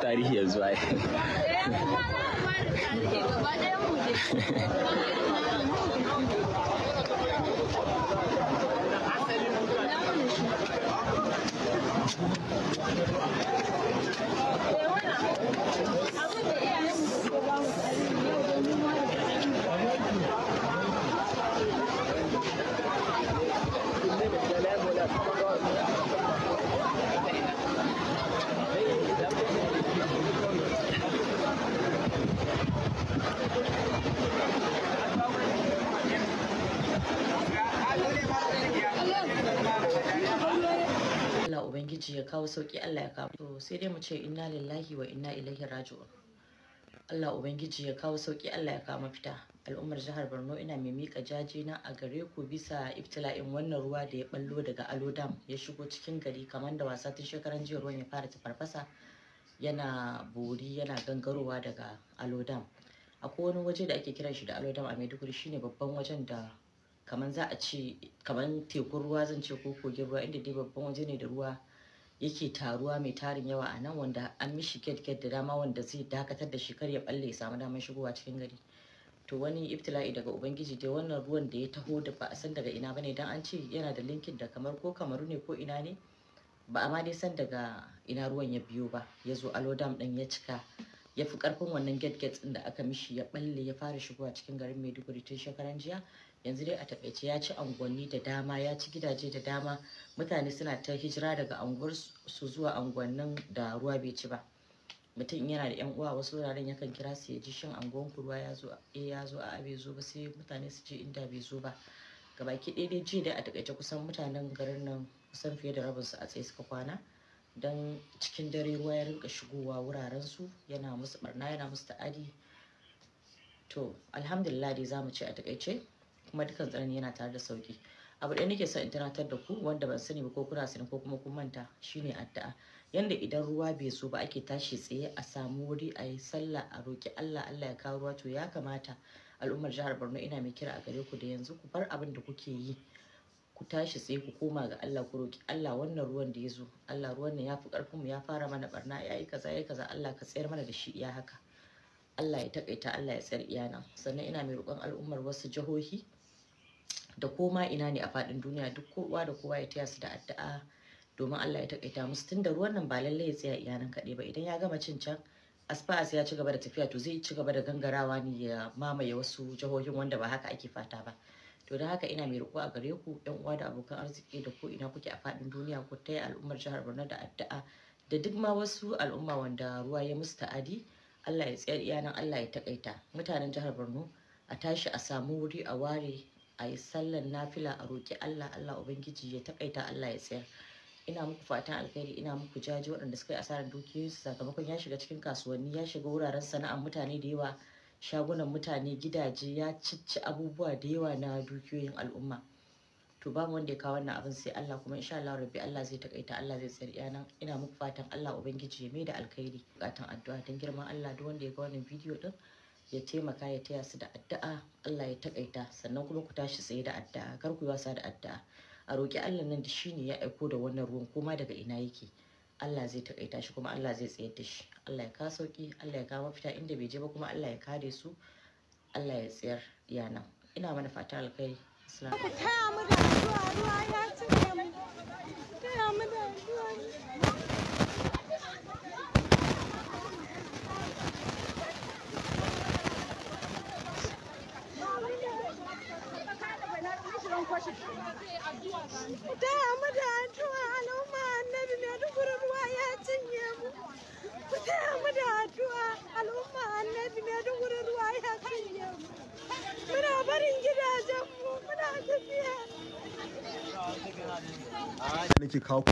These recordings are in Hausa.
tarihi ya zuwa Thank you. ubangiji ya kawo sauki Allah ya kawo sai dai mu ce inna lillahi wa inna ilaihi raji'un Allah ubangiji ya kawo sauki Allah ya kawo mafita al'ummar jihar Borno ina mai mika jaje na a gare ku bisa iftila'in wannan ruwa da ya ballo daga Alo ya shigo cikin gari kamar da wasa tun shekaran jiya ruwan ya fara tafarfasa yana bori yana gangarowa daga Alo Dam akwai wani waje da ake kiran shi da Alo a Maiduguri shine babban wajen da kamar za a ce kamar tekun ruwa zan ce ko kogin ruwa inda dai babban waje ne da ruwa yake taruwa mai tarin yawa a nan wanda an mishi get-get da dama wanda zai dakatar da shi kar ya balle ya samu damar shigowa cikin gari to wani iftila'i daga ubangiji dai wannan ruwan da ya taho da ba a san daga ina bane dan an ce yana da linkin da kamar ko kamaru ne ko ina ne ba a ma dai san daga ina ruwan ya biyo ba ya zo alodam din ya cika ya fi karfin wannan get get din da aka mishi ya balle ya fara shigowa cikin garin maiduguri tun shekaran jiya yanzu dai a taɓaice ya ci unguwanni da dama ya ci gidaje da dama mutane suna ta hijira daga anguwar su zuwa unguwannin da ruwa bai ci ba mutum yana da yan uwa wasu wuraren yakan kira su ya ji shin unguwan ruwa ya zo eh, ya zo a bai zo ba sai mutane su je inda bai zo ba gabaki ɗaya dai ji dai a taƙaice kusan mutanen garin nan kusan fiye da rabinsu a tsaye suka kwana don cikin dare ruwa ya rinka shigowa wuraren su yana musu barna yana musu ta'adi to alhamdulillah dai zamu ce a takaice kuma dukkan tsanani yana tare da sauki abu ɗaya nake son in tunatar da ku wanda ban sani ba ko kuna sani ko kuma kun manta shine addu'a yanda idan ruwa bai so ba ake tashi tsaye a samu wuri a yi sallah a roki Allah Allah ya kawo ruwa to ya kamata al'ummar jihar Borno ina mai kira a gare ku da yanzu ku bar abin da kuke yi ku tashi sai ku koma ga Allah ku roki Allah wannan ruwan da ya zo Allah ruwan nan ya fi karfin mu ya fara mana barna ya yi kaza ya kaza Allah ka tsayar mana da shi iya haka Allah ya takaita Allah ya tsayar iya sannan ina mai roƙon al'ummar wasu jihohi da koma ina ne a faɗin duniya duk kowa da kowa ya taya su da addu'a domin Allah ya takaita musu tunda ruwan nan ba lallai ya tsaya iya nan kaɗai ba idan ya gama cin can aspas ya ci gaba da tafiya to zai ci gaba da gangarawa ne ya mamaye wasu jihohin wanda ba haka ake fata ba to da haka ina mai roƙo a gare ku yan uwa da abokan arziki da ko ina kuke a faɗin duniya ku taya al'ummar jihar Borno da addu'a da duk ma wasu al'umma wanda ruwa ya musu ta'adi Allah ya tsayar iyanan Allah ya takaita mutanen jihar Borno a tashi a samu wuri a ware a yi sallan nafila a roƙi Allah Allah ubangiji ya takaita Allah ya tsayar ina muku fatan alkhairi ina muku jaji waɗanda suka yi asarar dukiyoyinsu sakamakon ya shiga cikin kasuwanni ya shiga wuraren sana'ar mutane da yawa shagunan mutane gidaje ya cicci abubuwa da yawa na dukiyoyin al'umma to ba wanda ya kawo wannan abin sai Allah kuma insha Allah rabbi Allah zai takaita Allah zai tsari nan ina muku fatan Allah ubangiji ya mai da alkhairi bukatan addu'a don girman Allah duk wanda ya ga wannan bidiyo din ya taimaka ya taya su da addu'a Allah ya takaita sannan kuma ku tashi tsaye da addu'a kar ku yi wasa da addu'a a roki Allah nan da shine ya aiko da wannan ruwan koma daga ina yake Allah zai takaita shi kuma Allah zai tsayar da shi Allah ya kawo sauki Allah ya kawo mafita inda bai je ba kuma Allah ya kare su Allah ya tsayar yana ina mana fata alkai islam taya mu da ruwa ruwa ya mu an kwashe da mu da addu'a al'umma annabi mai duk ruwa ya cinye mu ku taya mu da addu'a al'umma annabi mai duk ruwa ya cinye mu muna barin gidajen mu muna tafiya nake kawo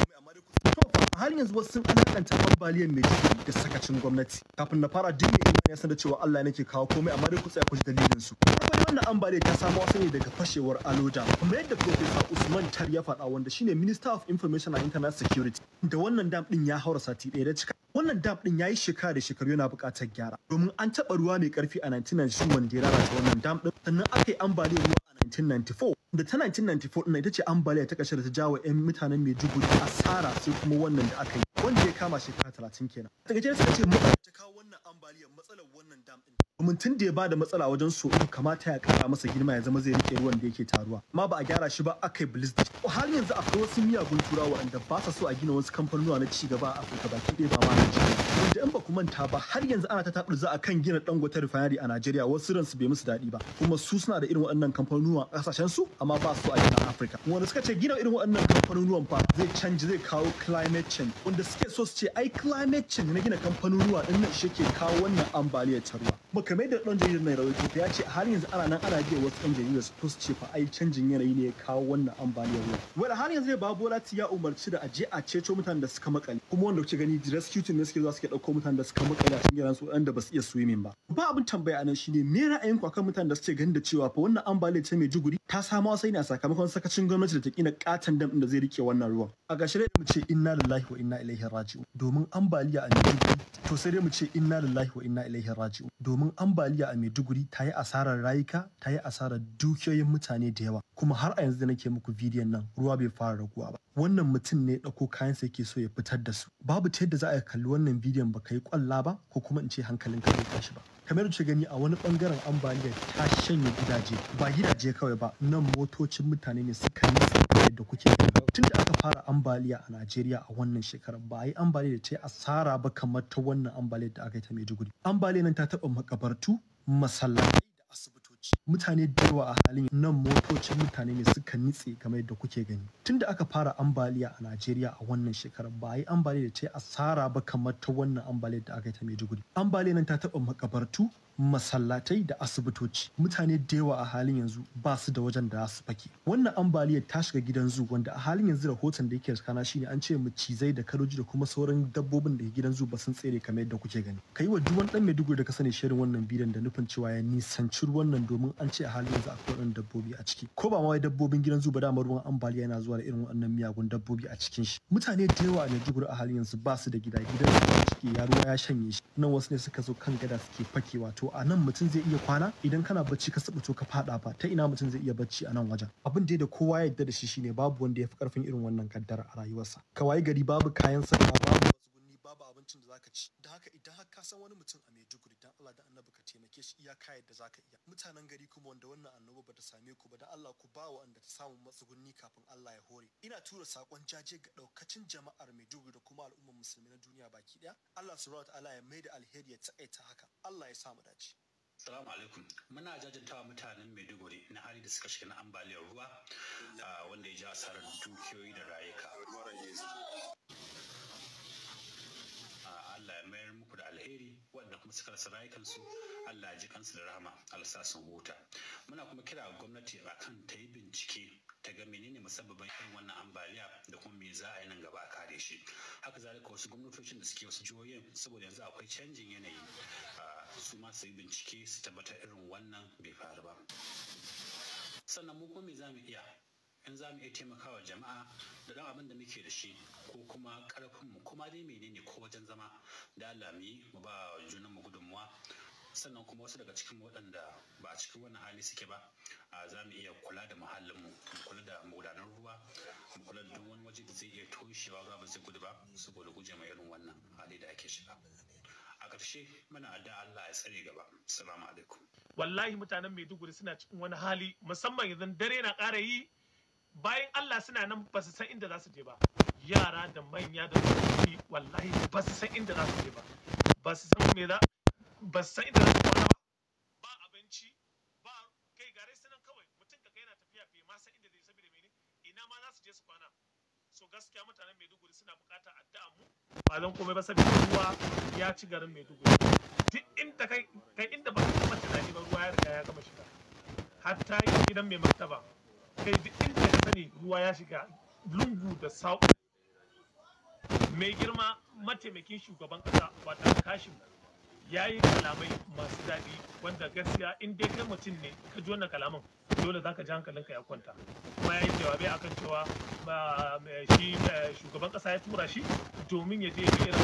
har yanzu wasu sun alakanta ambaliyan mai jiki da sakacin gwamnati kafin na fara duk mai ya san da cewa Allah ne ke kawo komai amma dai ku tsaya ku ji dalilin su akwai wannan ambaliya ta samo asali daga fashewar aloja kuma yadda professor Usman Tar ya faɗa wanda shine Minister of Information and Internet Security da wannan dam din ya haura sati ɗaya da cika wannan dam din yayi shekara da shekaru yana buƙatar gyara domin an taɓa ruwa mai ƙarfi a 1991 wanda ya lalata wannan dam din sannan aka yi ambaliyar ruwa 1994 da ta 1994 ɗin ita ce ambaliya ta ƙarshe da ta jawo 'yan mutanen Maiduguri asara sai kuma wannan da aka yi wanda ya kama shekara talatin kenan. Daga jere suka ce mu ta kawo wannan ambaliyar matsalar wannan dam ɗin. Domin tun da ya bada matsala wajen so kamata ya ƙara masa girma ya zama zai riƙe ruwan da yake taruwa. Ma ba a gyara shi ba aka yi bilis da har yanzu akwai wasu miyagun turawa waɗanda ba sa so a gina wasu kamfanonuwa na ci gaba a Afirka baki ɗaya ba ma na da in ba ku manta ba har yanzu ana ta za a kan gina gwatar refinery a Najeriya wasu ransu bai musu daɗi ba kuma su suna da irin waɗannan kamfanonuwa a ƙasashen su amma ba su a cikin Afirka wanda suka ce gina irin waɗannan kamfanonuwan fa zai canji zai kawo climate change wanda suke so su ce ai climate change na gina kamfanonuwa ɗin nan shi ke kawo wannan ambaliyar ta kuma kamar da ɗan jaridar mai rawaito ya ce halin yanzu ana nan ana biyan wasu ɗan jaridar su ce fa ai canjin yanayi ne ya kawo wannan ambaliyar ruwa wanda har yanzu ne babu lati ya umarci da aje a ceto mutanen da suka makale kuma wanda kuke gani rescue team ne suke zuwa suke ɗauko mutanen da suka makale a cikin yaran su da ba su iya swimming ba ba abin tambaya nan shine me ra'ayin ku akan mutanen da suke ganin da cewa fa wannan ambaliyar ta mai juguri ta samo sai ne a sakamakon sakacin gwamnati da ta kina katan dam ɗin da zai rike wannan ruwan a gashi dai mu ce inna lillahi wa inna ilaihi raji'un domin ambaliya a Maiduguri to sai dai mu ce inna lillahi wa inna ilaihi raji'un domin domin ambaliya a Maiduguri ta yi asarar rayuka ta yi asarar dukiyoyin mutane da yawa kuma har a yanzu da nake muku bidiyon nan ruwa bai fara raguwa ba wannan mutum ne ɗauko kayansa yake so ya fitar da su babu ta yadda za a kalli wannan bidiyon ba ka yi kwalla ba ko kuma in ce hankalin ka bai tashi ba kamar ce gani a wani bangaren ambaliya ta shanye gidaje ba gidaje kawai ba nan motocin mutane ne suka nisa yadda kuke tunda aka fara ambaliya a Najeriya a wannan shekarar ba a yi da ta asara ba kamar ta wannan ambaliyar da aka yi ta Maiduguri. Ambaliyar nan ta taɓa makabartu, masallatai da asibitoci. Mutane da yawa a halin nan motocin mutane ne suka nitse kamar yadda kuke gani. Tunda aka fara ambaliya a Najeriya a wannan shekarar ba a yi da ta yi asara ba kamar ta wannan ambaliyar da aka yi ta Maiduguri. Ambaliyar nan ta taɓa makabartu, masallatai da asibitoci mutane da yawa a halin yanzu ba su da wajen da su fake wannan ambaliyar ta shiga gidan zu wanda a halin yanzu rahoton da yake kana shine an ce macizai da karoji da kuma sauran dabbobin da ke gidan zu ba sun tsere kamar yadda kuke gani kai wa duwan dan Maiduguri da ka sani shirin wannan bidiyon da nufin cewa ya nisanci ruwan nan domin an ce a halin yanzu akwai wannan dabbobi a ciki ko ba ma wai dabbobin gidan zu ba da ruwan ambaliya yana zuwa da irin wannan miyagun dabbobi a cikin shi mutane da yawa a Maiduguri a halin yanzu ba su da gida gidan su ciki ya ruwa ya shanye shi nan wasu ne suka zo kan gada suke fakewa to to a nan mutum zai iya kwana idan kana bacci ka saba to ka fada fa ta ina mutum zai iya bacci a nan wajen abin da da kowa ya yadda da shi shine babu wanda ya fi karfin irin wannan kaddara a rayuwarsa ka wayi gari babu kayan sallah babu mutum da zaka ci da haka idan har ka san wani mutum a Maiduguri dan Allah da annabi ka taimake shi iyaka yadda zaka iya mutanen gari kuma wanda wannan annoba bata same ku ba dan Allah ku ba wa anda ta samu matsugunni kafin Allah ya hore ina tura sakon jaje ga daukacin jama'ar Maiduguri da kuma al'ummar musulmi na duniya baki daya Allah subhanahu wa ta'ala ya da alheri ya taƙaita haka Allah ya samu dace Salamu alaikum. Muna jajantawa mutanen Maiduguri na hali da suka shiga na ambaliyar ruwa ah, wanda ya ja asarar dukiyoyi da rayuka. waɗanda kuma suka rasa rayukansu Allah ji kansu da rahama alsa sun huta muna kuma kira gwamnati akan ta yi bincike ta ga menene musabbabin irin wannan ambaliya da kuma me za a yi nan gaba a kare shi haka zalika wasu gwamnatocin da suke wasu jihohin saboda yanzu akwai canjin yanayi su ma su yi bincike su tabbatar irin wannan bai faru ba sannan mu kuma me za mu iya in za mu iya taimakawa jama'a da dan abin da muke da shi ko kuma karfinmu kuma dai menene ko wajen zama da Allah mu yi mu ba junanmu gudunmuwa sannan kuma wasu daga cikin waɗanda ba a cikin wannan hali suke ba za mu iya kula da muhallinmu mu kula da magudanar ruwa mu kula da duk wani waje da zai iya toshewa ruwa ba zai gudu ba saboda guje ma irin wannan hali da ake shiga a ƙarshe muna da Allah ya tsare gaba assalamu alaikum wallahi mutanen Maiduguri suna cikin wani hali musamman idan dare na ƙara yi bayan Allah suna nan ba su san inda za su je ba yara da manya da tsofaffi wallahi ba su san inda za su je ba ba su san me za ba su san inda za su kwana ba ba abinci ba kai gare su nan kawai mutum ka yana tafiya bai ma san inda zai saboda mene ina ma za su je su kwana so gaskiya mutanen Maiduguri suna bukata addu'a mu ba zan komai ba saboda ruwa ya ci garin Maiduguri duk inda kai kai inda ba ka taba tunani ba ruwa ya riga ya gama shiga hatta gidan mai martaba kai duk inda sani ruwa ya shiga lungu da sau mai girma mataimakin shugaban kasa wata kashin ya yi kalamai masu daɗi wanda gaskiya in dai kai mutum ne ka ji wannan kalaman dole za ka ji hankalinka ya kwanta kuma ya yi jawabai akan cewa shi shugaban kasa ya tura shi domin ya je ya irin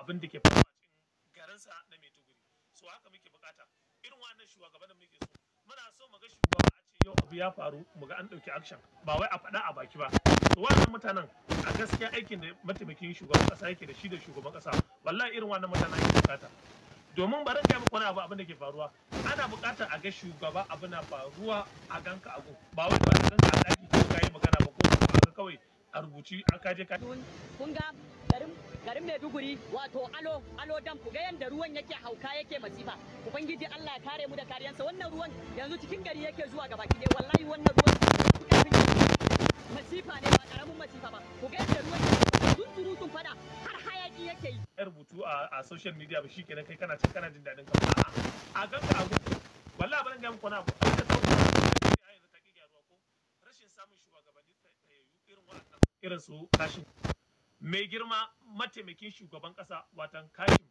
abin da ke faruwa cikin garinsa na maiduguri so haka muke bukata irin wannan shugabannin muke so muna so mu ga yau abu ya faru mu ga an ɗauki action ba wai a faɗa a baki ba to wannan mutanen a gaskiya aikin da mataimakin shugaban ƙasa yake da shi da shugaban ƙasa wallahi irin wannan mutanen yake bukata domin barin kai muku wani abu abin da ke faruwa ana bukatar a ga shugaba abu na faruwa a ganka a gun ba wai ba ganka a ɗaki ko magana ba ko ba kawai a rubuci an kaje ka kun ga garin garin Maiduguri wato alo alo dam ku ga yanda ruwan yake hauka yake masifa ubangiji Allah ya kare mu da kariyansa wannan ruwan yanzu cikin gari yake zuwa gaba ki wallahi wannan ruwan masifa ne ba karamin masifa ba ku ga yanda ruwan sun sun fada har hayaki yake yi rubutu a social media ba shikenan kai kana kana jin dadin ka a ganka a gudu wallahi ban ga muku na abu rashin samun shugabanni irin waɗannan irin su kashin mai girma mataimakin shugaban kasa watan kashim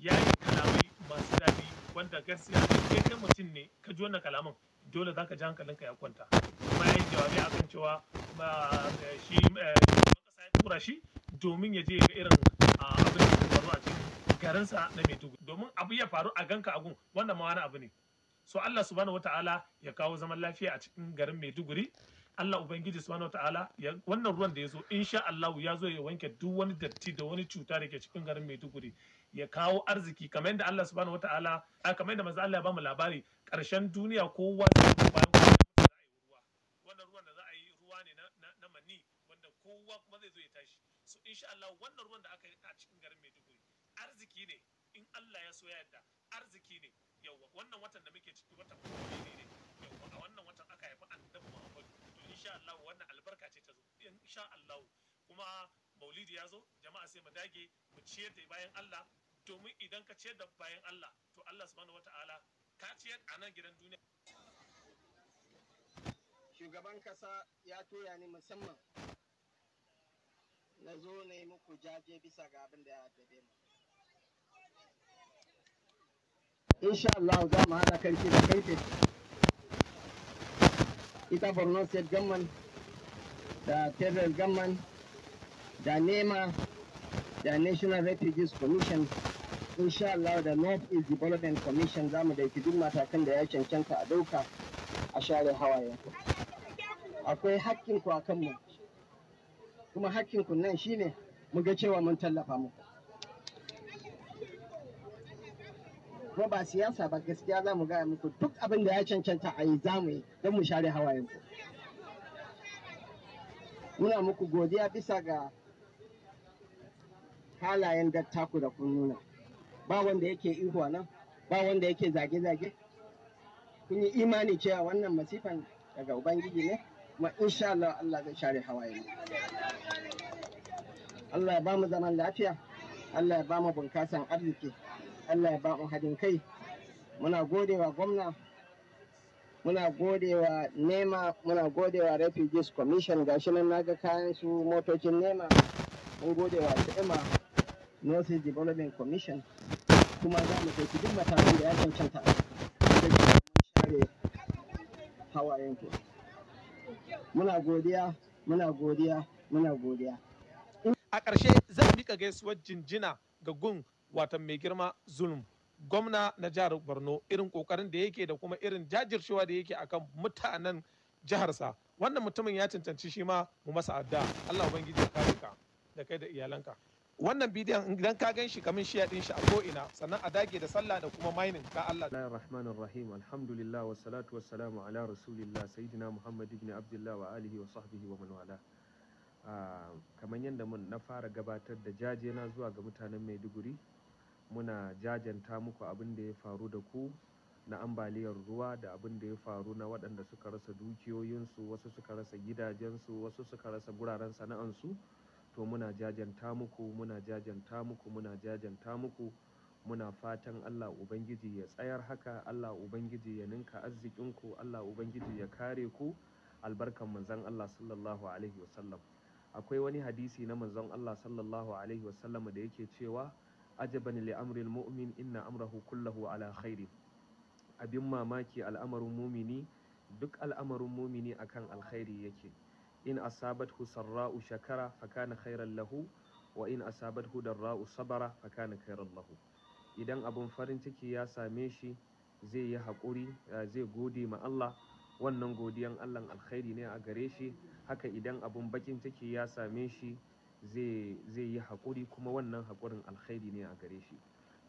ya yi kalamai masu daɗi wanda gaskiya ke kai mutum ne ka ji wannan kalaman dole za ka ji hankalinka ya kwanta kuma ya yi jawabi akan cewa eh, shi kasa eh, ya tura shi domin ya je ga irin ah, abin da ke faru a cikin garinsa na maiduguri domin abu ya faru a ganka agun wanda ma wani abu ne so Allah subhanahu wataala ya kawo zaman lafiya a cikin garin Maiduguri Allah Ubangiji subhanahu wataala wannan ruwan da ya zo insha Allah ya zo ya wanke duk wani datti da wani cuta da ke cikin garin Maiduguri ya kawo arziki kamar yadda Allah subhanahu wataala kamar yadda manzo Allah ya bamu labari karshen duniya kowa bayan ruwa wannan ruwan da za a yi ruwa ne na mani wanda kowa kuma zai zo ya tashi so insha Allah wannan ruwan da aka yi a cikin garin Maiduguri arziki ne in Allah ya so ya yarda arziki ne yawa wannan watan da muke ciki watan ne yawa a wannan insha Allah wannan albarka ce ta zo insha Allah kuma maulidi ya zo jama'a sai mu dage mu ciyar da bayan Allah domin idan ka ciyar da bayan Allah to Allah subhanahu wataala ka ciyar a nan gidan duniya shugaban kasa ya toya ni musamman na zo na yi muku jaje bisa ga abin da ya addabe mu insha Allah za mu haɗa kan da kai ita borno state gamman da federal gamman da nema da national refugees commission insha Allah da north east development commission za mu dauki duk matakan da ya cancanta a dauka a share hawaye akwai ku a kanmu kuma ku nan shine mu ga cewa mun tallafa muku kuma ba siyasa ba gaskiya za mu gaya muku duk abin da ya cancanta a yi za mu yi don mu share hawayen ku muna muku godiya bisa ga halayen dattaku da kun nuna ba wanda yake ihuwa nan ba wanda yake zage-zage kun yi imani cewa wannan masifan daga ubangiji ne kuma insha Allah Allah zai share mu. Allah ya ba mu zaman lafiya Allah ya ba mu bunkasan arziki Allah ya ba mu haɗin kai muna godewa gwamna muna godewa nema muna godewa refugees commission gashi nan naga kayan su motocin nema mun godewa nema north development commission kuma za mu kai duk matakan da ya cancanta share hawayen ku muna godiya muna godiya muna godiya a ƙarshe zan miƙa gaisuwar jinjina ga gun Wata mai girma zulum gwamna na jihar borno irin kokarin da yake da kuma irin jajircewa da yake akan mutanen jiharsa wannan mutumin ya cancanci shi ma mu masa adda allah ubangiji ya kare ka da kai da iyalanka wannan bidiyon idan ka gan shi kamin shi din shi a ko'ina sannan a dage da sallah da kuma mining ka Allah da rahman rahim alhamdulillah wa salatu wa salamu ala rasulillah sayyidina muhammad ibn abdullah wa alihi wa sahbihi wa man wala ah, kamar yadda mun na fara gabatar da jaje na zuwa ga mutanen maiduguri muna jajanta muku abin da ya faru da ku na ambaliyar ruwa da abin da ya faru na waɗanda suka rasa dukiyoyinsu wasu suka rasa gidajensu wasu suka rasa guraren sana'ansu to muna jajanta muku muna jajanta muku muna jajanta muku muna fatan Allah Ubangiji ya tsayar haka Allah Ubangiji ya ninka arzikinku Allah Ubangiji ya kare ku albarkan manzon Allah sallallahu alaihi wasallam akwai wani hadisi na manzon Allah sallallahu alaihi wasallam da yake cewa ajaban li amril mu'min inna amrahu kullahu ala khairi abin mamaki al'amarin mumini duk al'amarin mumini akan alkhairi yake in asabathu sarra'u shakara fakana khairan lahu wa in asabathu ra'u sabara fakana khairan lahu idan abun farin ciki ya same shi zai yi haƙuri zai gode ma Allah wannan godiyan Allah alkhairi ne a gare shi haka idan abun bakin ciki ya same shi zai yi haƙuri kuma wannan haƙurin alkhairi ne a gare shi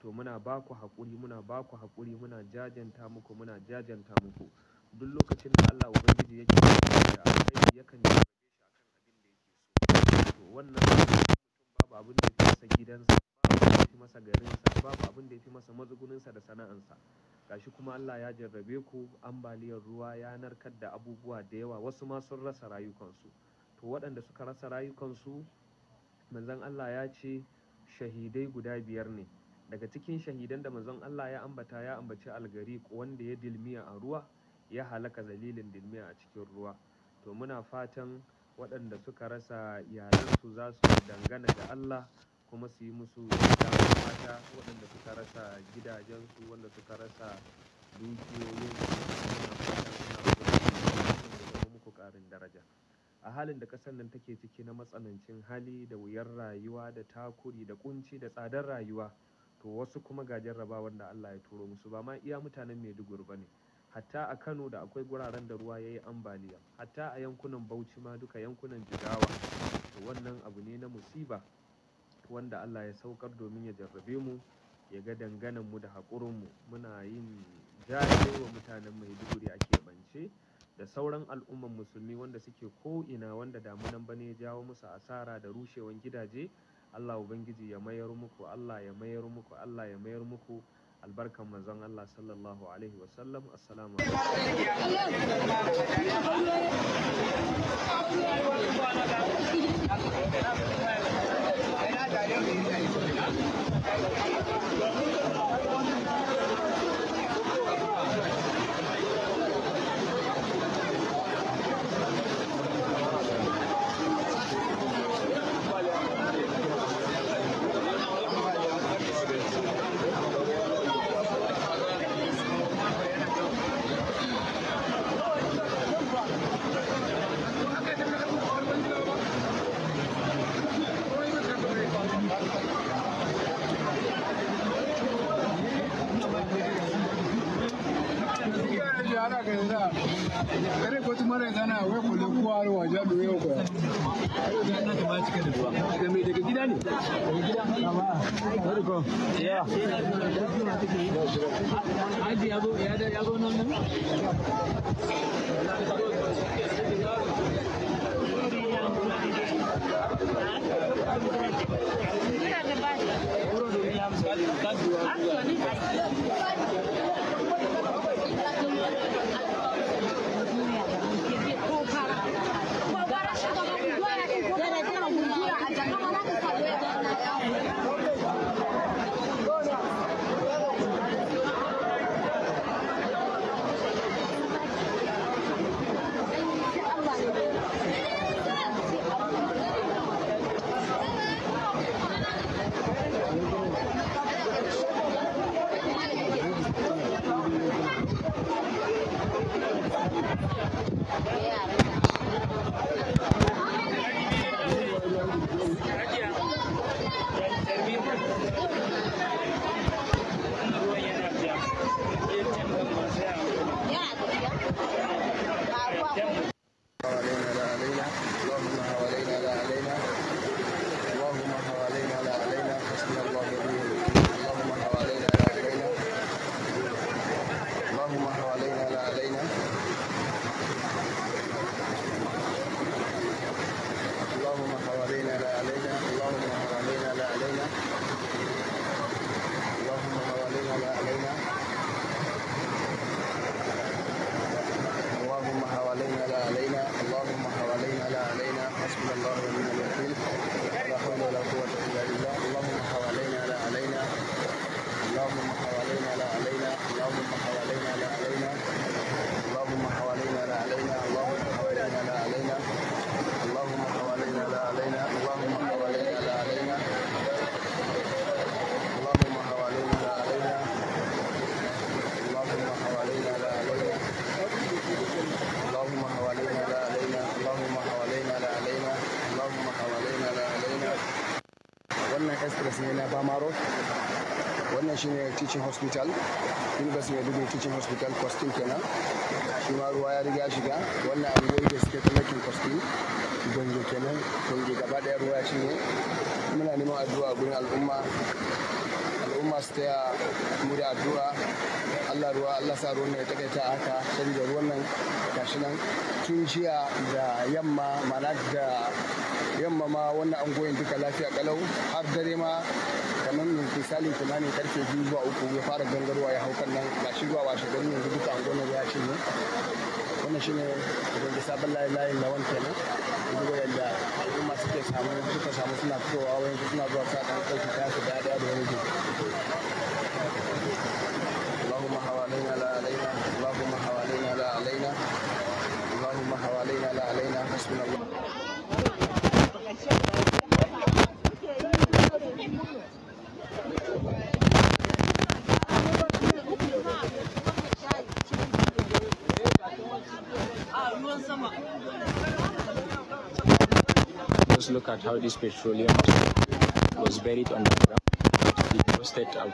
to muna ba ku haƙuri muna ba ku haƙuri muna jajanta muku muna jajanta muku duk lokacin da Allah ubangiji yake da alkhairi yakan yi shi akan abin da yake so to wannan mutum babu abin da yake masa gidansa babu abin da yake masa garinsa babu abin da yake masa matsuguninsa da sana'ansa gashi kuma Allah ya jarrabe ku ambaliyar ruwa ya narkar da abubuwa da yawa wasu ma sun rasa rayukansu to waɗanda suka rasa rayukansu manzon Allah ya ce shahidai guda biyar ne daga cikin shahidan da manzon Allah ya ambata ya ambaci algari wanda ya dilmiya a ruwa ya halaka zalilin dilmiya a cikin ruwa to muna fatan waɗanda suka rasa iyalansu za su dangana da Allah kuma su yi musu mata waɗanda suka rasa gidajensu wanda suka rasa dukiyoyin suna fatan suna muku ƙarin daraja a halin da ƙasar nan take ciki na matsanancin hali da wuyar rayuwa da takuri da kunci da tsadar rayuwa to wasu kuma ga jarrabawar da Allah ya turo musu ba ma iya mutanen Maiduguri ba ne hatta a Kano da akwai guraren da ruwa yayi yi ambaliya hatta a yankunan Bauchi ma duka yankunan Jigawa to wannan abu ne na musiba wanda Allah ya saukar domin ya jarrabe mu ya ga danganan mu da haƙurin mu muna yin wa mutanen Maiduguri ake keɓance da sauran al'umman musulmi wanda suke ko ina wanda damunan bane ya jawo musu asara da rushewan gidaje Allah Ubangiji ya mayar muku Allah ya mayar muku Allah ya mayar muku albarkan manzon Allah sallallahu alaihi wasallam assalamu alaikum kulikuwar wajen da yau kuwa. Da mai daga gida ne? Daga Ya. Aji ya zo ya zo nan nan? express ne na bama road wannan shine teaching hospital university Dubai teaching hospital Kostin kenan shi ma ruwa ya riga shiga wannan abubuwan da suke tallakin Kostin gonge kenan gonge gaba daya ruwa ya cinye muna neman addu'a gurin al'umma al'umma su taya mu da addu'a allah ruwa allah sa ruwan ya takaita haka canza ruwan nan gashi nan tun jiya da yamma mana da yamma ma wannan angoyin duka lafiya kalau har dare ma kamar misali tunanin karfe biyu zuwa uku ya fara gangarwa ya hau kan ba shi zuwa washe gani yanzu duka angoyin ya ce ne wannan ne da sabon layin layin da ne kenan yadda al'umma suke samu suka samu suna fitowa wayan suna zuwa sa kan kai su su da da wani look at how this petroleum was buried underground. It roasted out.